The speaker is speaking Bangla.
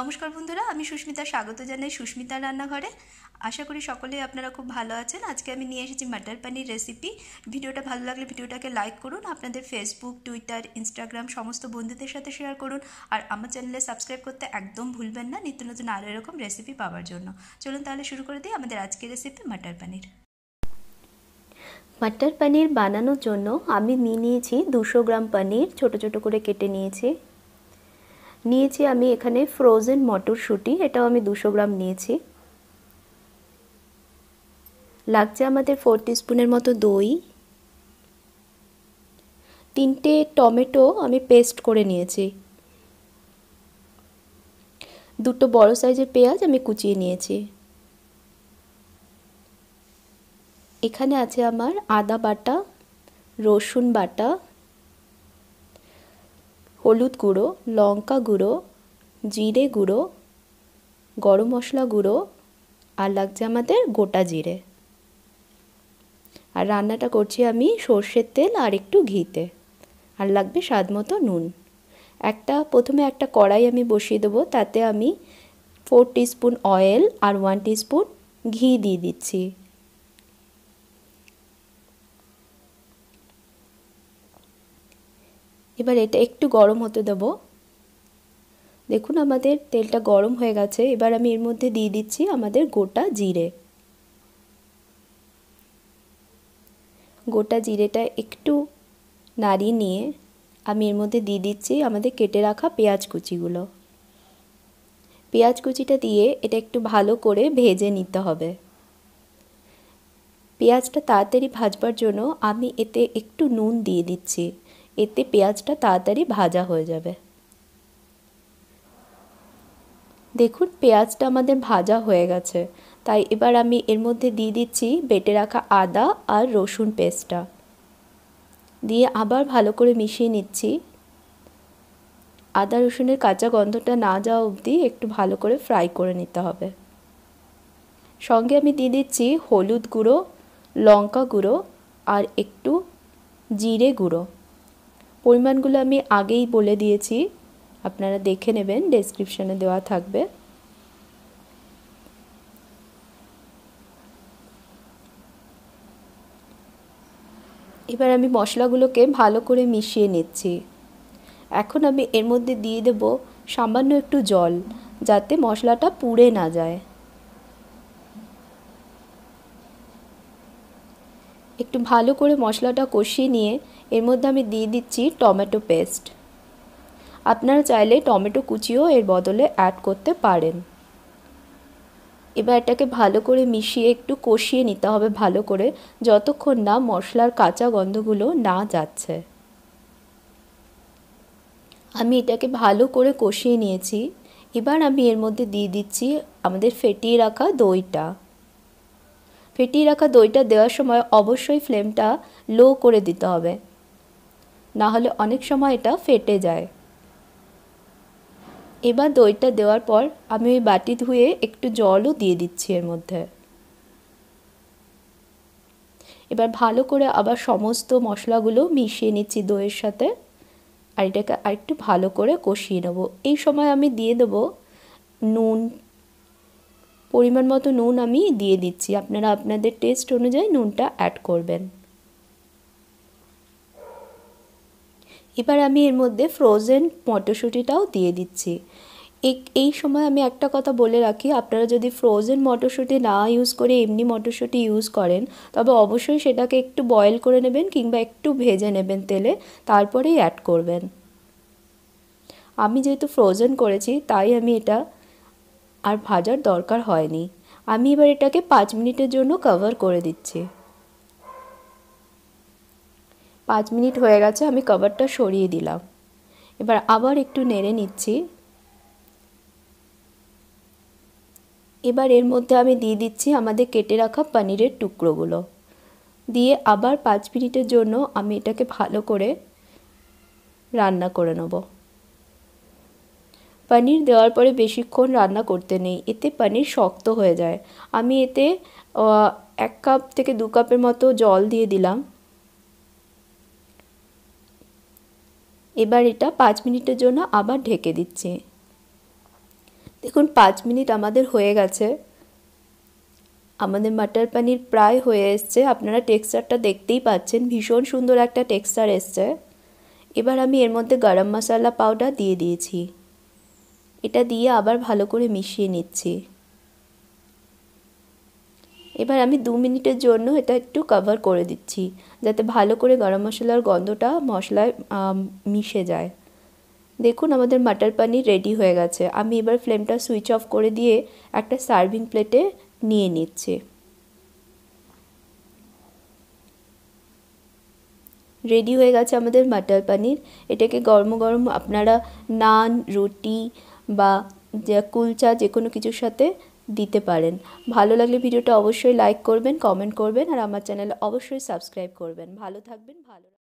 নমস্কার বন্ধুরা আমি সুস্মিতা স্বাগত জানাই সুস্মিতা রান্নাঘরে আশা করি সকলে আপনারা খুব ভালো আছেন আজকে আমি নিয়ে এসেছি মাটার পানির রেসিপি ভিডিওটা ভালো লাগলে ভিডিওটাকে লাইক করুন আপনাদের ফেসবুক টুইটার ইনস্টাগ্রাম সমস্ত বন্ধুদের সাথে শেয়ার করুন আর আমার চ্যানেলে সাবস্ক্রাইব করতে একদম ভুলবেন না নিত্য নতুন আরও এরকম রেসিপি পাওয়ার জন্য চলুন তাহলে শুরু করে দিই আমাদের আজকের রেসিপি মাটার পানির মাটার পানির বানানোর জন্য আমি নিয়ে নিয়েছি দুশো গ্রাম পানির ছোট ছোট করে কেটে নিয়েছি নিয়েছি আমি এখানে ফ্রোজেন মটরশুঁটি এটাও আমি দুশো গ্রাম নিয়েছি লাগছে আমাদের ফোর স্পুনের মতো দই তিনটে টমেটো আমি পেস্ট করে নিয়েছি দুটো বড় সাইজের পেঁয়াজ আমি কুচিয়ে নিয়েছি এখানে আছে আমার আদা বাটা রসুন বাটা হলুদ গুঁড়ো লঙ্কা গুঁড়ো জিরে গুঁড়ো গরম মশলা গুঁড়ো আর লাগছে আমাদের গোটা জিরে আর রান্নাটা করছি আমি সর্ষের তেল আর একটু ঘিতে আর লাগবে স্বাদ মতো নুন একটা প্রথমে একটা কড়াই আমি বসিয়ে দেবো তাতে আমি ফোর টিস্পুন অয়েল আর ওয়ান টিস্পুন ঘি দিয়ে দিচ্ছি এবার এটা একটু গরম হতে দেবো দেখুন আমাদের তেলটা গরম হয়ে গেছে এবার আমি এর মধ্যে দিয়ে দিচ্ছি আমাদের গোটা জিরে গোটা জিরেটা একটু নাড়িয়ে নিয়ে আমি এর মধ্যে দিয়ে দিচ্ছি আমাদের কেটে রাখা পেঁয়াজ কুচিগুলো পেঁয়াজ কুচিটা দিয়ে এটা একটু ভালো করে ভেজে নিতে হবে পেঁয়াজটা তাড়াতাড়ি ভাজবার জন্য আমি এতে একটু নুন দিয়ে দিচ্ছি এতে পেঁয়াজটা তাড়াতাড়ি ভাজা হয়ে যাবে দেখুন পেঁয়াজটা আমাদের ভাজা হয়ে গেছে তাই এবার আমি এর মধ্যে দিয়ে দিচ্ছি বেটে রাখা আদা আর রসুন পেস্টটা দিয়ে আবার ভালো করে মিশিয়ে নিচ্ছি আদা রসুনের কাঁচা গন্ধটা না যাওয়া অবধি একটু ভালো করে ফ্রাই করে নিতে হবে সঙ্গে আমি দিয়ে দিচ্ছি হলুদ গুঁড়ো লঙ্কা গুঁড়ো আর একটু জিরে গুঁড়ো পরিমাণগুলো আমি আগেই বলে দিয়েছি আপনারা দেখে নেবেন ডেসক্রিপশানে দেওয়া থাকবে এবার আমি মশলাগুলোকে ভালো করে মিশিয়ে নিচ্ছি এখন আমি এর মধ্যে দিয়ে দেব সামান্য একটু জল যাতে মশলাটা পুড়ে না যায় ভালো করে মশলাটা কষিয়ে নিয়ে এর মধ্যে আমি দিয়ে দিচ্ছি টমেটো পেস্ট আপনারা চাইলে টমেটো কুচিও এর বদলে অ্যাড করতে পারেন এবার এটাকে ভালো করে মিশিয়ে একটু কষিয়ে নিতে হবে ভালো করে যতক্ষণ না মশলার কাঁচা গন্ধগুলো না যাচ্ছে আমি এটাকে ভালো করে কষিয়ে নিয়েছি এবার আমি এর মধ্যে দিয়ে দিচ্ছি আমাদের ফেটিয়ে রাখা দইটা ফেটিয়ে রাখা দইটা দেওয়ার সময় অবশ্যই ফ্লেমটা লো করে দিতে হবে না হলে অনেক সময় এটা ফেটে যায় এবার দইটা দেওয়ার পর আমি ওই বাটি ধুয়ে একটু জলও দিয়ে দিচ্ছি এর মধ্যে এবার ভালো করে আবার সমস্ত মশলাগুলো মিশিয়ে নিচ্ছি দইয়ের সাথে আর এটাকে আরেকটু ভালো করে কষিয়ে নেবো এই সময় আমি দিয়ে দেবো নুন পরিমাণ মতো নুন আমি দিয়ে দিচ্ছি আপনারা আপনাদের টেস্ট অনুযায়ী নুনটা অ্যাড করবেন এবার আমি এর মধ্যে ফ্রোজেন মটরশুঁটিটাও দিয়ে দিচ্ছি এই সময় আমি একটা কথা বলে রাখি আপনারা যদি ফ্রোজেন মটরশুঁটি না ইউজ করে এমনি মটরশুঁটি ইউজ করেন তবে অবশ্যই সেটাকে একটু বয়েল করে নেবেন কিংবা একটু ভেজে নেবেন তেলে তারপরেই অ্যাড করবেন আমি যেহেতু ফ্রোজেন করেছি তাই আমি এটা আর ভাজার দরকার হয়নি আমি এবার এটাকে পাঁচ মিনিটের জন্য কভার করে দিচ্ছি পাঁচ মিনিট হয়ে গেছে আমি কভারটা সরিয়ে দিলাম এবার আবার একটু নেড়ে নিচ্ছি এবার এর মধ্যে আমি দিয়ে দিচ্ছি আমাদের কেটে রাখা পনিরের টুকরোগুলো দিয়ে আবার পাঁচ মিনিটের জন্য আমি এটাকে ভালো করে রান্না করে নেবো পনির দেওয়ার পরে বেশিক্ষণ রান্না করতে নেই এতে পনির শক্ত হয়ে যায় আমি এতে এক কাপ থেকে দু কাপের মতো জল দিয়ে দিলাম এবার এটা পাঁচ মিনিটের জন্য আবার ঢেকে দিচ্ছি দেখুন পাঁচ মিনিট আমাদের হয়ে গেছে আমাদের মাটার পানির প্রায় হয়ে এসছে আপনারা টেক্সচারটা দেখতেই পাচ্ছেন ভীষণ সুন্দর একটা টেক্সচার এসছে এবার আমি এর মধ্যে গরম মশলা পাউডার দিয়ে দিয়েছি এটা দিয়ে আবার ভালো করে মিশিয়ে নিচ্ছি এবার আমি দু মিনিটের জন্য এটা একটু কভার করে দিচ্ছি যাতে ভালো করে গরম মশলার গন্ধটা মশলায় মিশে যায় দেখুন আমাদের মাটার পানির রেডি হয়ে গেছে আমি এবার ফ্লেমটা সুইচ অফ করে দিয়ে একটা সার্ভিং প্লেটে নিয়ে নিচ্ছি রেডি হয়ে গেছে আমাদের মাটার পানির এটাকে গরম গরম আপনারা নান রুটি বা কুলচা যে কোনো কিছুর সাথে দিতে পারেন ভালো লাগলে ভিডিওটা অবশ্যই লাইক করবেন কমেন্ট করবেন আর আমার চ্যানেল অবশ্যই সাবস্ক্রাইব করবেন ভালো থাকবেন ভালো